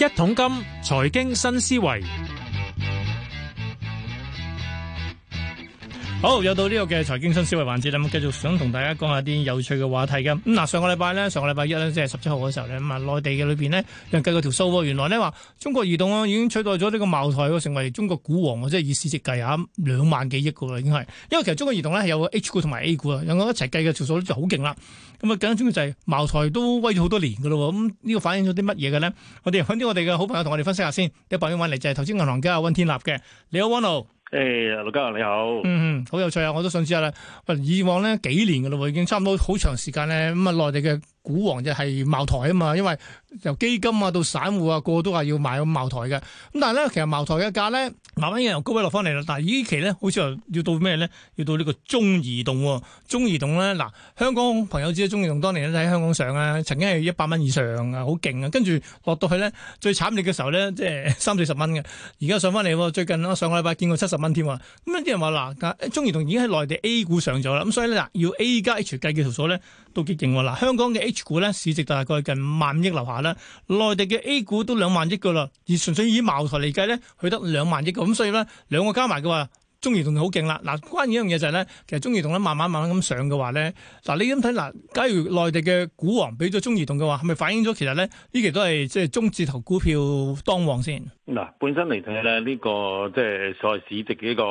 一桶金，財經新思維。好，又到呢個嘅財經新思維環節，咁繼續想同大家講下啲有趣嘅話題噶。咁嗱，上個禮拜咧，上個禮拜一咧，即係十七號嘅時候咧，咁啊，內地嘅裏邊咧，有人計過條數，原來呢話中國移動啊，已經取代咗呢個茅台，成為中國股王啊，即係以市值計下兩萬幾億噶啦，已經係。因為其實中國移動呢係有 H 股同埋 A 股啊，兩個一齊計嘅條數就好勁啦。咁啊，更加重要就係茅台都威咗好多年噶啦。咁呢個反映咗啲乜嘢嘅呢？我哋揾啲我哋嘅好朋友同我哋分析一下先。有朋友揾嚟就係投資銀行家溫天納嘅，你好，誒、hey，陸家仁你好，嗯嗯，好有趣啊！我都想知下啦，喂，以往咧幾年噶咯，已經差唔多好長時間咧，咁啊內地嘅。股王就係茅台啊嘛，因為由基金啊到散戶啊個個都話要買茅台嘅，咁但係咧其實茅台嘅價咧慢慢由高位落翻嚟啦。但係呢期咧好似又要到咩咧？要到呢個中移動、哦，中移動咧嗱，香港朋友知啦，中移動當年咧喺香港上啊，曾經係一百蚊以上啊，好勁啊。跟住落到去咧，最慘烈嘅時候咧，即係三四十蚊嘅，而家上翻嚟，最近啊上個禮拜見過七十蚊添啊。咁啲人話嗱，中移動已經喺內地 A 股上咗啦，咁所以咧嗱，要 A 加 H 計嘅條數咧都幾勁喎。嗱，香港嘅 H 股咧市值大概近五萬億樓下啦，內地嘅 A 股都兩萬億噶啦，而純粹以茅台嚟計咧，佢得兩萬億，咁所以咧兩個加埋嘅話，中移動好勁啦。嗱，關鍵一樣嘢就係、是、咧，其實中移動咧慢慢慢慢咁上嘅話咧，嗱你咁睇嗱，假如內地嘅股王俾咗中移動嘅話，係咪反映咗其實咧呢期都係即係中字頭股票當旺先？嗱，本身嚟睇咧呢個即係所謂市值嘅一個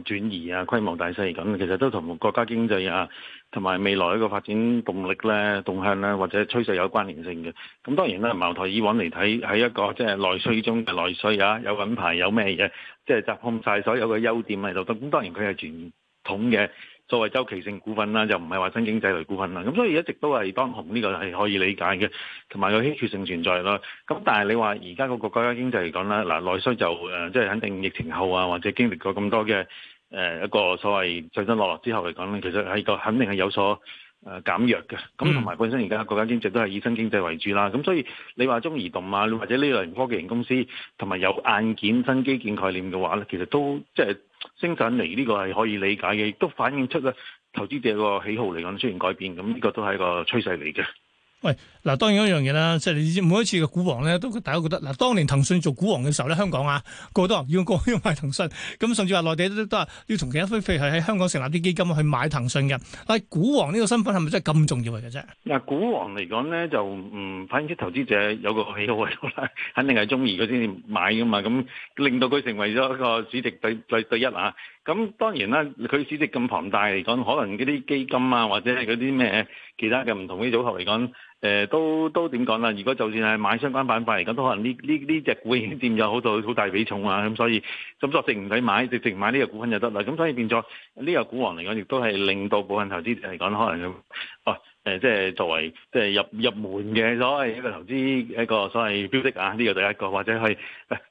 轉移啊，規模大細咁，其實都同國家經濟啊。同埋未來一個發展動力咧、動向咧或者趨勢有關聯性嘅。咁當然啦，茅台以往嚟睇喺一個即係內需中嘅內需啊，有品牌有咩嘢，即係集控晒所有嘅優點喺度。咁當然佢係傳統嘅，作為周期性股份啦，就唔係話新經濟類股份啦。咁所以一直都係當紅，呢個係可以理解嘅，同埋有個稀缺性存在囉。咁但係你話而家個國家經濟嚟講啦，嗱內需就呃，即係肯定疫情後啊，或者經歷過咁多嘅。誒一個所謂上上落落之後嚟講咧，其實係個肯定係有所誒減弱嘅。咁同埋本身而家國家經濟都係以新經濟為主啦。咁所以你話中移動啊，或者呢類型科技型公司同埋有，有硬件、新基建概念嘅話咧，其實都即係升緊嚟，呢個係可以理解嘅，亦都反映出咧投資者個喜好嚟講出現改變。咁呢個都係一個趨勢嚟嘅。喂，嗱，當然一樣嘢啦，即係每一次嘅股王咧，都大家都覺得嗱，當年騰訊做股王嘅時候咧，香港啊，過多要過多要買騰訊，咁甚至話內地都都都要同其他飛飛係喺香港成立啲基金去買騰訊嘅，但係股王呢個身份係咪真係咁重要嘅啫？嗱，股王嚟講咧就唔、嗯、反正啲投資者有個喜好啦，肯定係中意佢先至買噶嘛，咁令到佢成為咗一個主席對對第一啊。咁當然啦，佢市值咁龐大嚟講，可能嗰啲基金啊，或者係嗰啲咩其他嘅唔同嘅組合嚟講，呃、都都點講啦？如果就算係買相關板塊嚟講，都可能呢呢呢隻股已經佔咗好到好大比重啊！咁所以咁索性唔使買，直情買呢隻股份就得啦。咁所以變咗呢個股王嚟講，亦都係令到部分投資者嚟講，可能就哦。誒、呃，即係作為，即係入入門嘅所謂一個投資一個所謂標的啊，呢、這個第一個，或者係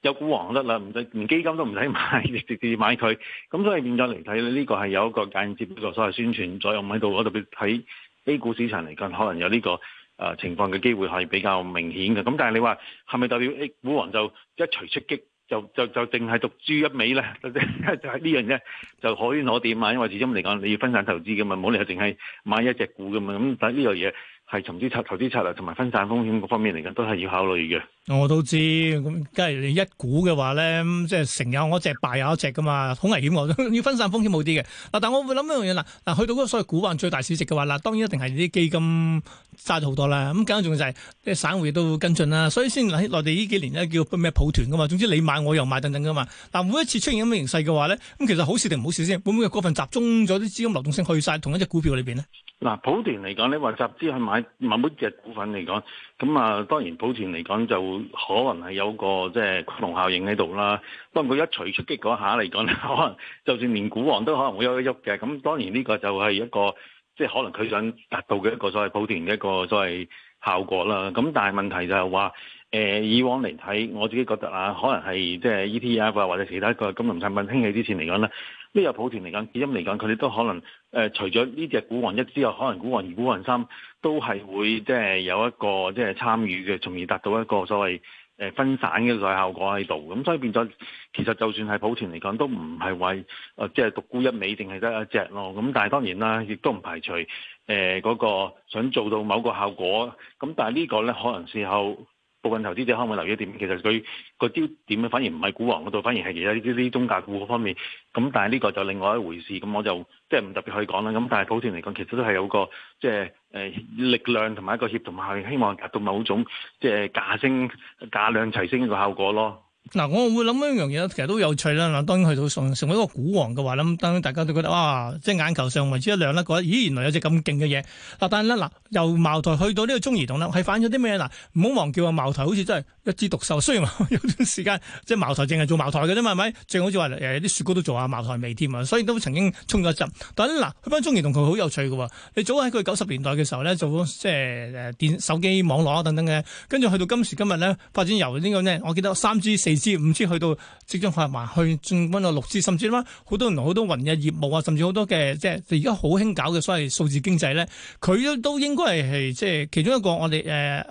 有股王得啦，唔使連基金都唔使買，直接買佢。咁所以變咗嚟睇，呢呢個係有一個間接作、這個、所謂宣傳作用喺度。我特別喺 A 股市場嚟講，可能有呢、這個誒、呃、情況嘅機會係比較明顯嘅。咁但係你話係咪代表 A 股王就一錘出擊？就就就淨係獨注一味啦，就係呢樣嘢就可以攞點啊！因為始終嚟講，你要分散投資嘅嘛，冇理由淨係買一隻股嘅嘛，咁但係呢樣嘢。係投資策、投資策略同埋分散風險嗰方面嚟嘅，都係要考慮嘅。我都知，咁梗係你一股嘅話咧，即係成有我一隻，敗有我一隻噶嘛，好危險喎！ 要分散風險好啲嘅。嗱，但我會諗一樣嘢啦，嗱，去到嗰個所謂股壇最大市值嘅話，嗱，當然一定係啲基金揸咗好多啦。咁更重要就係啲省會都跟進啦，所以先內地呢幾年咧叫咩抱團噶嘛。總之你買我又買等等噶嘛。嗱，每一次出現咁嘅形勢嘅話咧，咁其實好事定唔好事先，會唔會過分集中咗啲資金流動性去晒同一隻股票裏邊呢？嗱，普段嚟講，你話集資去買某一隻股份嚟講，咁啊當然普段嚟講就可能係有個即係羣效應喺度啦。不過佢一除出擊嗰下嚟講咧，可能就算連股王都可能會喐一喐嘅。咁當然呢個就係一個即係、就是、可能佢想達到嘅一個所謂普段嘅一個所謂效果啦。咁但係問題就係話，誒以往嚟睇，我自己覺得啊，可能係即係 ETF 啊，或者其他一個金融產品興起之前嚟講咧。呢、這個抱團嚟講，基金嚟講，佢哋都可能誒、呃，除咗呢隻股王一之外，可能股王二、股王三都係會即係、就是、有一個即係參與嘅，從、就是、而達到一個所謂誒、呃、分散嘅個效果喺度。咁所以變咗，其實就算係抱團嚟講，都唔係為誒即係獨孤一味定係得一隻咯。咁但係當然啦，亦都唔排除誒嗰、呃那個想做到某個效果。咁但係呢個咧，可能事後。部分投資者可唔可以留意一點？其實佢個焦點咧，反而唔係股王嗰度，反而係其他呢啲啲中價股方面。咁但係呢個就另外一回事。咁我就即係唔特別去講啦。咁但係普遍嚟講，其實都係有個即係誒力量同埋一個協同效應，希望達到某種即係、就是、價升價量齊升嘅一個效果咯。嗱、啊，我會諗一樣嘢其實都有趣啦。嗱，當然去到成成為一個股王嘅話，咁當然大家都覺得哇，即係眼球上為之一亮啦。覺得咦，原來有隻咁勁嘅嘢。嗱、啊，但係咧，嗱、啊，由茅台去到呢個中移動啦，係反咗啲咩咧？嗱、啊，唔好忘記啊，茅台好似真係一枝獨秀。雖然有段時間即係茅台淨係做茅台嘅啫嘛，係咪？仲好似話誒啲雪糕都做下茅台味添啊，所以都曾經衝咗一陣。但係咧，嗱、啊，去翻中移動佢好有趣嘅喎。你早喺佢九十年代嘅時候咧做即係誒電手機網絡等等嘅，跟住去到今時今日咧發展由呢、呢個呢？我記得三 G 四。五支，五支去到，即將發埋去進搵到六支，甚至啦，好多人好多雲嘅業務啊，甚至好多嘅即係而家好興搞嘅所謂數字經濟咧，佢都都應該係係即係其中一個我哋誒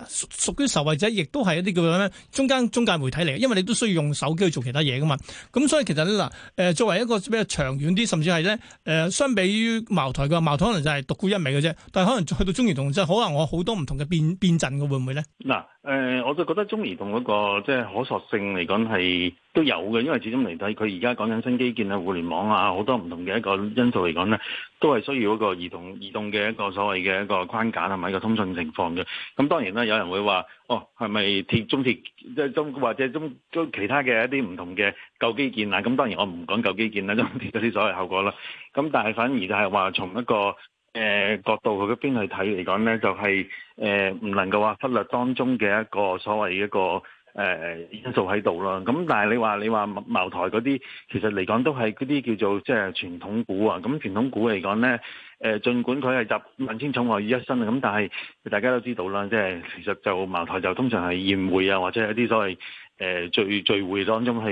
屬屬於受惠者，亦都係一啲叫咩中間中介媒體嚟，因為你都需要用手機去做其他嘢噶嘛。咁所以其實呢，嗱、呃，誒作為一個比較長遠啲，甚至係咧誒，相比於茅台嘅話，茅台可能就係獨沽一味嘅啫，但係可能去到中移動即係，可能我好多唔同嘅變變陣嘅會唔會咧？嗱。誒、呃，我就覺得中移動嗰個即係可塑性嚟講係都有嘅，因為始終嚟睇佢而家講緊新基建互聯網啊、互聯網啊好多唔同嘅一個因素嚟講咧，都係需要嗰個移動移動嘅一個所謂嘅一個框架同埋一個通訊情況嘅。咁當然啦，有人會話，哦，係咪鐵中鐵即係中或者中中其他嘅一啲唔同嘅舊基建啊？咁當然我唔講舊基建啦，中鐵嗰啲所謂後果啦。咁但係反而就係話從一個。誒、呃、角度佢嗰邊去睇嚟講呢，就係誒唔能夠話忽略當中嘅一個所謂一個誒、呃、因素喺度啦。咁但係你話你話茅台嗰啲，其實嚟講都係嗰啲叫做即係傳統股啊。咁、嗯、傳統股嚟講呢，誒、呃、儘管佢係集萬千寵愛於一身啊。咁但係大家都知道啦，即、就、係、是、其實就茅台就通常係宴會啊，或者係一啲所謂。誒、聚聚會當中係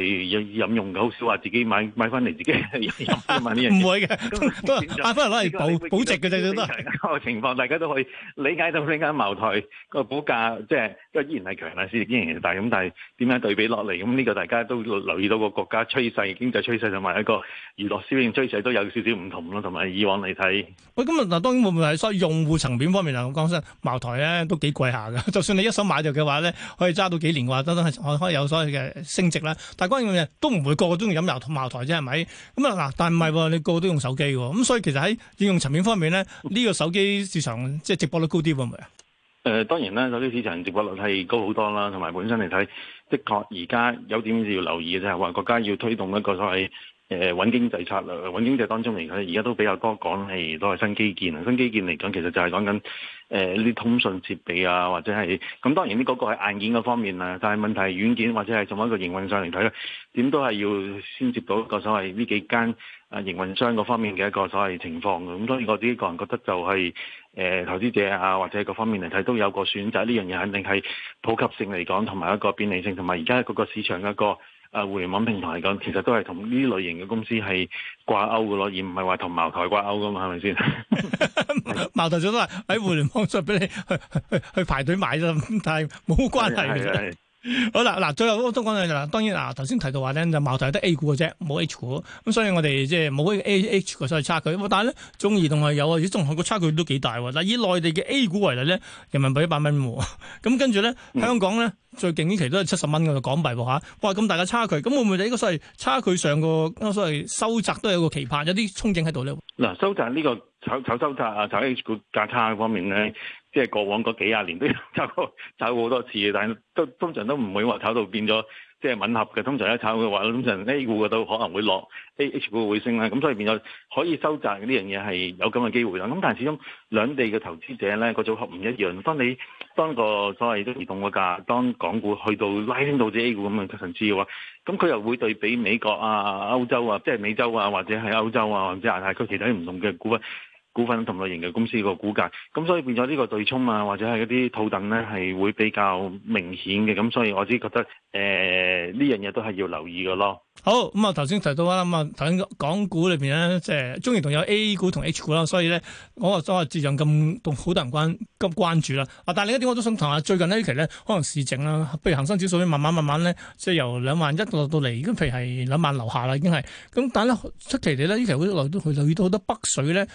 飲用嘅，好少話自己買買翻嚟自己飲飲。唔會嘅，買翻嚟攞嚟保保值嘅啫，都個情況大家都可以理解到，呢間茅台個股價即係依然係強勢，依然係大咁。但係點樣對比落嚟咁？呢個大家都留意到個國家趨勢、經濟趨勢同埋一個娛樂消費趨勢都有少少唔同咯。同埋以往嚟睇，喂咁啊嗱，當然會唔會係所以用戶層面方面嚟講，生茅台咧，都幾貴下嘅。就算你一手買入嘅話咧，可以揸到幾年嘅話，都都係開開有所謂嘅升值啦，但係關鍵嘅都唔會個個中意飲油同茅台啫，係咪？咁啊嗱，但係唔係你個個都用手機嘅，咁所以其實喺應用層面方面咧，呢、這個手機市場即係直播率高啲，係咪啊？誒、呃，當然啦，手機市場直播率係高好多啦，同埋本身嚟睇，的確而家有點要留意嘅，就係話國家要推動一個所謂。誒、呃、揾經濟策略，揾經濟當中嚟講，而家都比較多講係都係新基建。新基建嚟講，其實就係講緊誒一啲通訊設備啊，或者係咁。那當然呢嗰個係硬件嗰方面啊，但係問題係軟件或者係從一個營運上嚟睇咧，點都係要先接到一個所謂呢幾間啊營運商嗰方面嘅一個所謂情況。咁所以我自己個人覺得就係、是、誒、呃、投資者啊或者各方面嚟睇都有個選擇。呢樣嘢肯定係普及性嚟講同埋一個便利性，同埋而家嗰個市場嘅一個。啊，互聯網平台嚟講，其實都係同呢類型嘅公司係掛鈎㗎咯，而唔係話同茅台掛鈎㗎嘛，係咪先？ 茅台總都話喺互聯網上俾你去 去去，去排隊買啫，但係冇關係嘅。 好啦，嗱，最後我都講就當然嗱，頭先提嘅話咧就茅台得 A 股嘅啫，冇 H 股，咁所以我哋即係冇 A H 嘅所謂差距，但係咧中移動係有啊，與中行個差距都幾大喎。嗱，以內地嘅 A 股為例咧，人民幣一百蚊喎，咁、嗯嗯、跟住咧香港咧最近呢期都係七十蚊嘅港幣吓，哇咁大嘅差距，咁會唔會呢個所謂差距上個所謂收窄都有個期盼，有啲憧憬喺度咧？嗱，收窄呢、這個。炒炒收窄啊，炒 H 股價差方面咧，即係過往嗰幾廿年都有炒過，炒過好多次，但係都通常都唔會話炒到變咗。即、就、係、是、吻合嘅，通常一炒嘅話，通常 A 股嘅都可能會落，AH 股會升啦，咁所以變咗可以收窄呢樣嘢係有咁嘅機會啦。咁但係始終兩地嘅投資者咧，個組合唔一樣，當你當個所謂都移動個價，當港股去到拉升到似 A 股咁嘅層次嘅話，咁佢又會對比美國啊、歐洲啊，即、就、係、是、美洲啊或者係歐洲啊，或者亞太區其他唔同嘅股啊。股份同類型嘅公司個估價，咁所以變咗呢個對沖啊，或者係一啲套戥咧，係會比較明顯嘅。咁所以我自己覺得，誒、呃、呢樣嘢都係要留意嘅咯。好咁啊，頭、嗯、先提到啦，咁、嗯、啊，頭先港股裏邊咧，即、就、係、是、中移同有 A 股同 H 股啦，所以咧，我話所以市場咁好多人關咁關注啦。啊，但係另一點我都想同下最近呢,最近呢期咧，可能市整啦，譬如恒生指數咧，慢慢慢慢咧，即、就、係、是、由兩萬一落到嚟，已咁譬如係兩萬樓下啦，已經係咁，但係咧出奇地呢，期呢期好耐都留意到好多北水咧。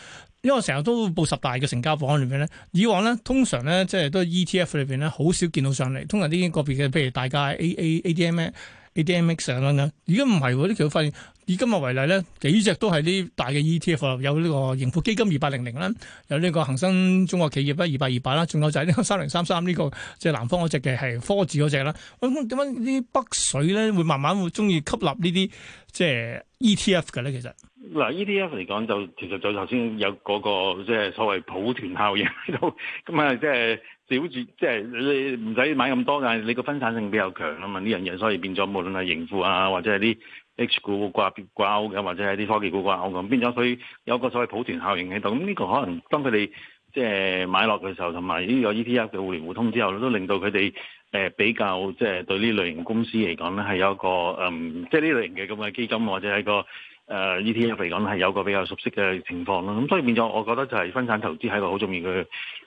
因為我成日都報十大嘅成交榜，裏面咧，以往咧通常咧即係都係 ETF 裏面咧，好少見到上嚟。通常啲、呢個別嘅，譬如大家 A A A D M 咧。啲 D M X 上啦，而家唔係，啲記者發現以今日為例咧，幾隻都係啲大嘅 E T F 有呢個盈富基金二八零零啦，有呢個恒生中國企業啦，二八二八啦，仲有就係呢個三零三三呢個即係、就是、南方嗰隻嘅係科字嗰隻啦。咁點解啲北水咧會慢慢會中意吸納 ETF 呢啲即係 E T F 嘅咧？其實嗱 E T F 嚟講就其實就頭先有嗰、那個即係所謂抱團效應喺度咁啊，即 係少住即係你唔使買咁多噶，但係你個分散性比較強啊嘛，呢樣嘢，所以變咗無論係盈富啊或者係啲 H 股掛掛鈎嘅，或者係啲科技股掛鈎咁，所以變咗佢有個所謂普團效應喺度。咁、這、呢個可能當佢哋即係買落嘅時候，同埋呢個 ETF 嘅互聯互通之後，都令到佢哋誒比較即係、就是、對呢類型公司嚟講咧，係有一個嗯即係呢類型嘅咁嘅基金或者係個。誒、呃、E T F 嚟講係有個比較熟悉嘅情況咯，咁所以變咗，我覺得就係分散投資係一個好重要嘅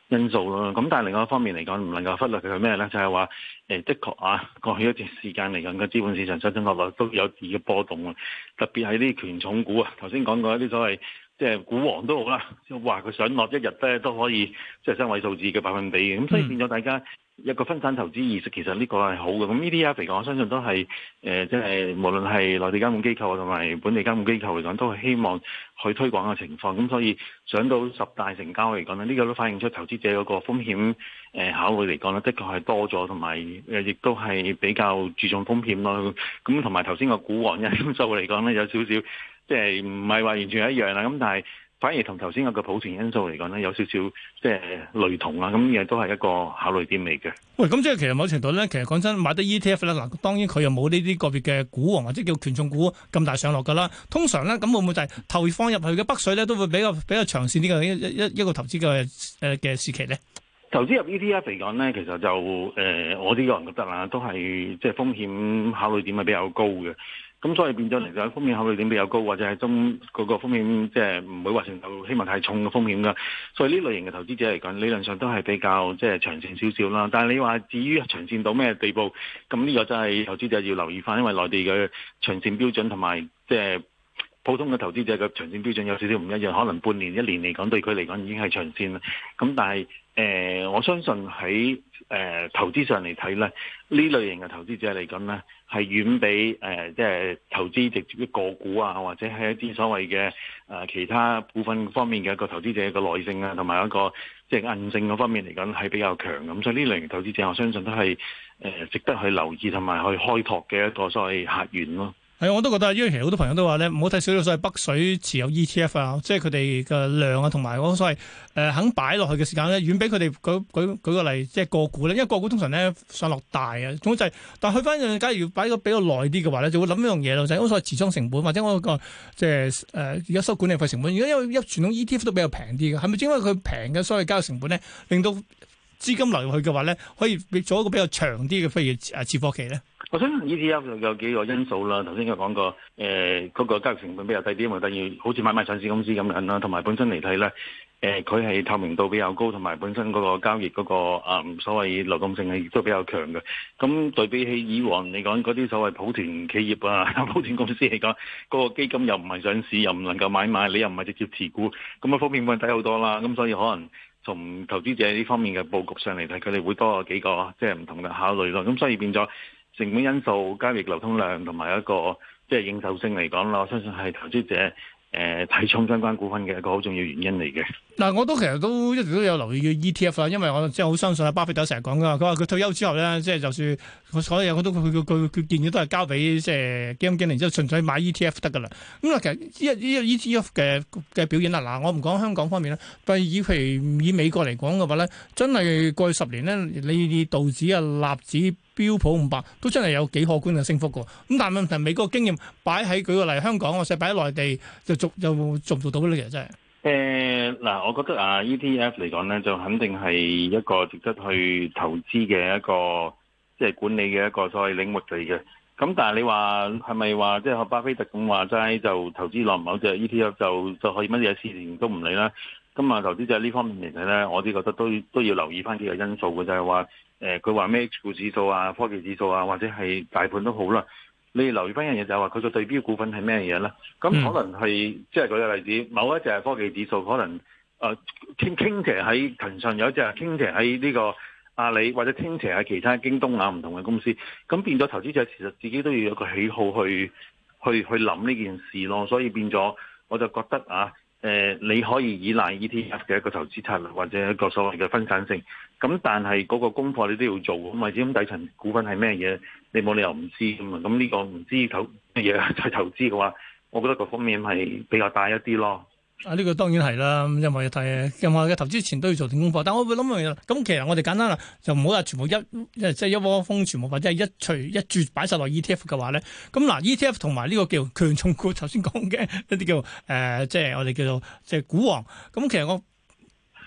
因素咯。咁但係另外一方面嚟講，唔能夠忽略嘅係咩呢？就係話誒，的確啊，過去一段時間嚟講，個資本市場出出落落都有啲嘅波動啊，特別係啲權重股啊，頭先講過一啲所謂。即係股王都好啦，話佢上落一日咧都可以即係三位數字嘅百分比嘅，咁、嗯、所以變咗大家一個分散投資意識，其實呢個係好嘅。咁呢啲啊，譬如我相信都係誒，即、呃、係、就是、無論係內地監管機構啊，同埋本地監管機構嚟講，都係希望去推廣嘅情況。咁所以上到十大成交嚟講呢，呢、這個都反映出投資者嗰個風險、呃、考慮嚟講呢，的確係多咗，同埋亦都係比較注重風險咯。咁同埋頭先個股王因素嚟講呢，有少少。即係唔係話完全係一樣啦，咁但係反而同頭先我個普情因素嚟講咧，有少少即係雷同啦，咁亦都係一個考慮點嚟嘅。喂，咁即係其實某程度咧，其實講真，買得 E T F 咧，嗱，當然佢又冇呢啲個別嘅股王或者叫權重股咁大上落噶啦。通常咧，咁會唔會就係投放入去嘅北水咧，都會比較比較長線啲嘅一一一個投資嘅誒嘅時期咧？投資入 ETF 嚟講咧，其實就誒、呃，我呢個人覺得啦，都係即係風險考慮點係比較高嘅。咁、嗯、所以變咗，嚟就風險考慮點比較高，或者係中嗰個風險，即係唔會話成日有希望太重嘅風險㗎。所以呢類型嘅投資者嚟講，理論上都係比較即係長線少少啦。但係你話至於長線到咩地步，咁呢個真係投資者要留意翻，因為內地嘅長線標準同埋即係，就是普通嘅投資者嘅長線標準有少少唔一樣，可能半年一年嚟講對佢嚟講已經係長線啦。咁但係誒、呃，我相信喺誒、呃、投資上嚟睇咧，呢類型嘅投資者嚟講咧，係遠比誒即係投資直接啲個股啊，或者係一啲所謂嘅誒、呃、其他股份方面嘅一個投資者嘅耐性啊，同埋一個即係韌性嗰方面嚟講係比較強。咁所以呢類型嘅投資者，我相信都係誒、呃、值得去留意同埋去開拓嘅一個所謂客源咯、啊。係，我都覺得因為，其實好多朋友都話咧，唔好睇少咗所謂北水持有 ETF 啊，即係佢哋嘅量啊，同埋所謂誒、呃、肯擺落去嘅時間咧，遠比佢哋舉舉舉個例，即係個股咧，因為個股通常咧上落大啊。總之就係，但去翻假如擺個比較耐啲嘅話咧，就會諗一樣嘢咯，就係、是、我所謂持倉成本或者我個即係誒而家收管理費成本。而家因為一傳統 ETF 都比較平啲嘅，係咪因為佢平嘅，所謂交易成本咧，令到資金流入去嘅話咧，可以做一個比較長啲嘅譬如誒持貨期咧？我想 ETF 有有幾個因素啦，頭先佢講過誒，嗰個交易成本比較低啲，同埋第二，好似買賣上市公司咁樣啦，同埋本身嚟睇咧，誒，佢係透明度比較高，同埋本身嗰個交易嗰個啊，所謂流動性係亦都比較強嘅。咁對比起以往你講嗰啲所謂普田企業啊、普田公司嚟講，嗰個基金又唔係上市，又唔能夠買賣，你又唔係直接持股，咁啊，方面問題好多啦。咁所以可能從投資者呢方面嘅布局上嚟睇，佢哋會多幾個即係唔同嘅考慮咯。咁所以變咗。成本因素、交易流通量同埋一個即係應受性嚟講啦，我相信係投資者誒睇重相關股份嘅一個好重要原因嚟嘅。嗱，我都其實都一直都有留意嘅 ETF 啦，因為我即係好相信阿巴菲特成日講噶，佢話佢退休之後咧，即係就算、是、佢所有嘢，我都佢佢佢佢建議都係交俾即係基金經理，即係、幾幾之後純粹買 ETF 得噶啦。咁啊，其實呢個 ETF 嘅嘅表現啦，嗱，我唔講香港方面啦，但係以譬如以美國嚟講嘅話咧，真係過去十年咧，你道指啊、納指、標普五百都真係有幾可觀嘅升幅嘅，咁但係問題，美國經驗擺喺，舉個例，香港我成日擺喺內地就，就，就做就做唔做到呢？其實真係誒，嗱、呃，我覺得啊，ETF 嚟講咧，就肯定係一個值得去投資嘅一個即係管理嘅一個所謂的領域嚟嘅。咁但係你話係咪話即係學巴菲特咁話齋，就投資落唔某隻 ETF 就就可以乜嘢事情都唔理啦？咁啊，投資者喺呢方面嚟睇咧，我都覺得都都要留意翻幾個因素嘅，就係、是、話。誒、呃，佢話咩指數啊、科技指數啊，或者係大盤都好啦。你留意翻一樣嘢，就係話佢個對標股份係咩嘢呢？咁可能係、嗯，即係舉個例子，某一隻係科技指數，可能誒傾傾斜喺騰訊，有一隻係傾斜喺呢個阿里，或者傾斜喺其他京東啊唔同嘅公司。咁變咗投資者，其實自己都要有個喜好去去去諗呢件事咯。所以變咗，我就覺得啊。誒，你可以倚賴 ETF 嘅一個投資策略，或者一個所謂嘅分散性。咁但係嗰個功課你都要做。咁或者咁底層股份係咩嘢？你冇理由唔知噶。咁呢個唔知投咩嘢，再投資嘅話，我覺得個方面係比較大一啲咯。啊！呢、這個當然係啦，任何嘢，睇任何嘅投資前都要做定功課。但我會諗樣嘢，咁其實我哋簡單啦，就唔好話全部一即係、就是、一窩蜂，全部或者、就是、一除一注擺晒落 E T F 嘅話咧。咁嗱，E T F 同埋呢個叫權重股，頭先講嘅一啲叫誒，即、呃、係、就是、我哋叫做即係股王。咁其實我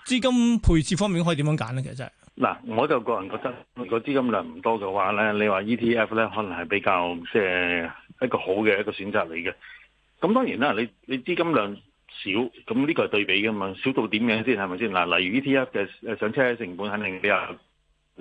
資金配置方面可以點樣揀咧？其實真係嗱，我就個人覺得，如果資金量唔多嘅話咧，你話 E T F 咧，可能係比較即係、呃、一個好嘅一個選擇嚟嘅。咁當然啦，你你資金量。少咁呢個係對比噶嘛，少到點樣先係咪先嗱？例如 E T F 嘅誒上車嘅成本肯定比較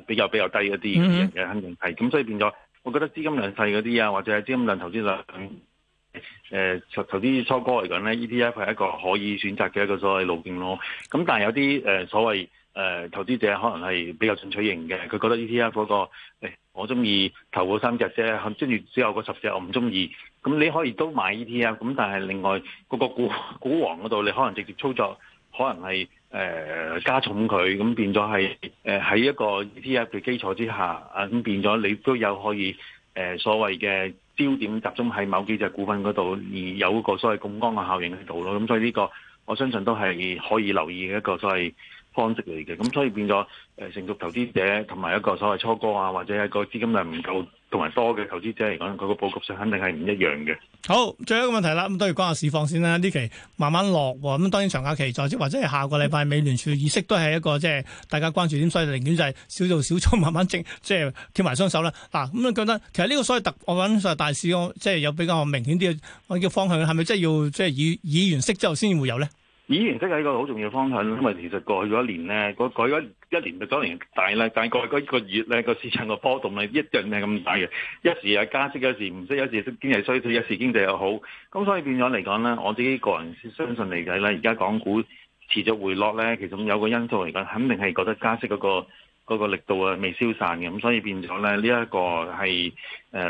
比較比較低一啲嘅，肯定係。咁所以變咗，我覺得資金量細嗰啲啊，或者係資金量投資量誒、呃、投資初哥嚟講咧，E T F 係一個可以選擇嘅一個所謂路徑咯。咁但係有啲誒、呃、所謂誒、呃、投資者可能係比較進取型嘅，佢覺得 E T F 嗰、嗰個誒。哎我中意頭嗰三隻啫，跟住之後嗰十隻我唔中意。咁你可以都買 ETF，咁但係另外嗰個股股王嗰度，你可能直接操作，可能係誒、呃、加重佢，咁變咗係誒喺一個 ETF 嘅基礎之下，啊咁變咗你都有可以誒、呃、所謂嘅焦點集中喺某幾隻股份嗰度，而有個所謂槓桿嘅效應喺度咯。咁所以呢個我相信都係可以留意嘅一個所謂方式嚟嘅，咁所以變咗誒成熟投資者同埋一個所謂初哥啊，或者係個資金量唔夠同埋多嘅投資者嚟講，佢、那個佈局上肯定係唔一樣嘅。好，最後一個問題啦，咁都要關下市況先啦。呢期慢慢落喎，咁當然長假期在即，或者係下個禮拜美聯儲議息都係一個即係、就是、大家關注點，所以寧願就係少做少衝，慢慢整，即係貼埋雙手啦。嗱、啊，咁你覺得其實呢個所謂特我所謂大市，我即係、就是、有比較明顯啲嘅方向，係咪即係要即係、就是、議議完息之後先至會有咧？以前即係一個好重要嘅方向，因為其實過去咗一年咧，嗰過咗一年，咗、那個、年，年，年大啦，但係過去嗰一個月咧，個市場個波動咧一樣咧咁大，嘅。一時係加息，一時唔識，一時經濟衰、衰退，一時經濟又好，咁所以變咗嚟講咧，我自己個人相信嚟睇咧，而家港股持續回落咧，其實有個因素嚟講，肯定係覺得加息嗰、那個。嗰、那個力度啊，未消散嘅，咁所以變咗咧，呢一個係誒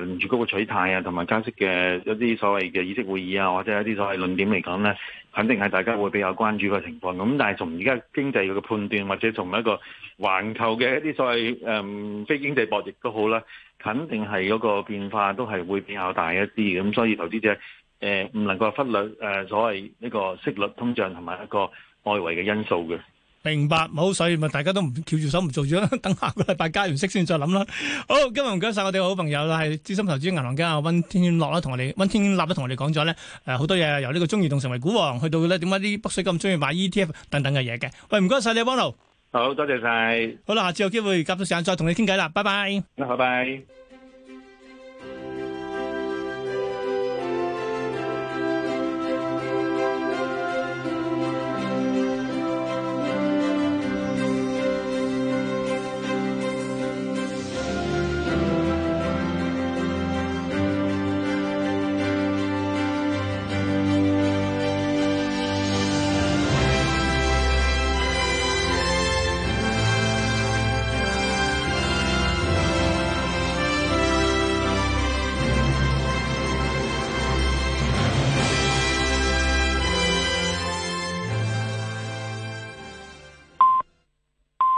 連住嗰個取態啊，同埋加息嘅一啲所謂嘅議息會議啊，或者一啲所謂論點嚟講咧，肯定係大家會比較關注嘅情況咁。但係從而家經濟嘅判斷，或者從一個環球嘅一啲所謂誒、嗯、非經濟博弈都好啦，肯定係嗰個變化都係會比較大一啲咁，所以投資者誒唔、呃、能夠忽略誒、呃、所謂呢個息率、通脹同埋一個外圍嘅因素嘅。明白，冇所以咪大家都唔翹住手唔做住啦，等下個禮拜加完息先再諗啦。好，今日唔該晒我哋嘅好朋友啦，係資深投資銀行家阿溫天納啦，同我哋溫天納啦，同我哋講咗咧誒好多嘢，由呢個中移動成為股王，去到咧點解啲北水咁中意買 ETF 等等嘅嘢嘅。喂，唔該晒你，溫導，好多謝晒。好啦，下次有機會夾到時間再同你傾偈啦，拜拜。拜拜。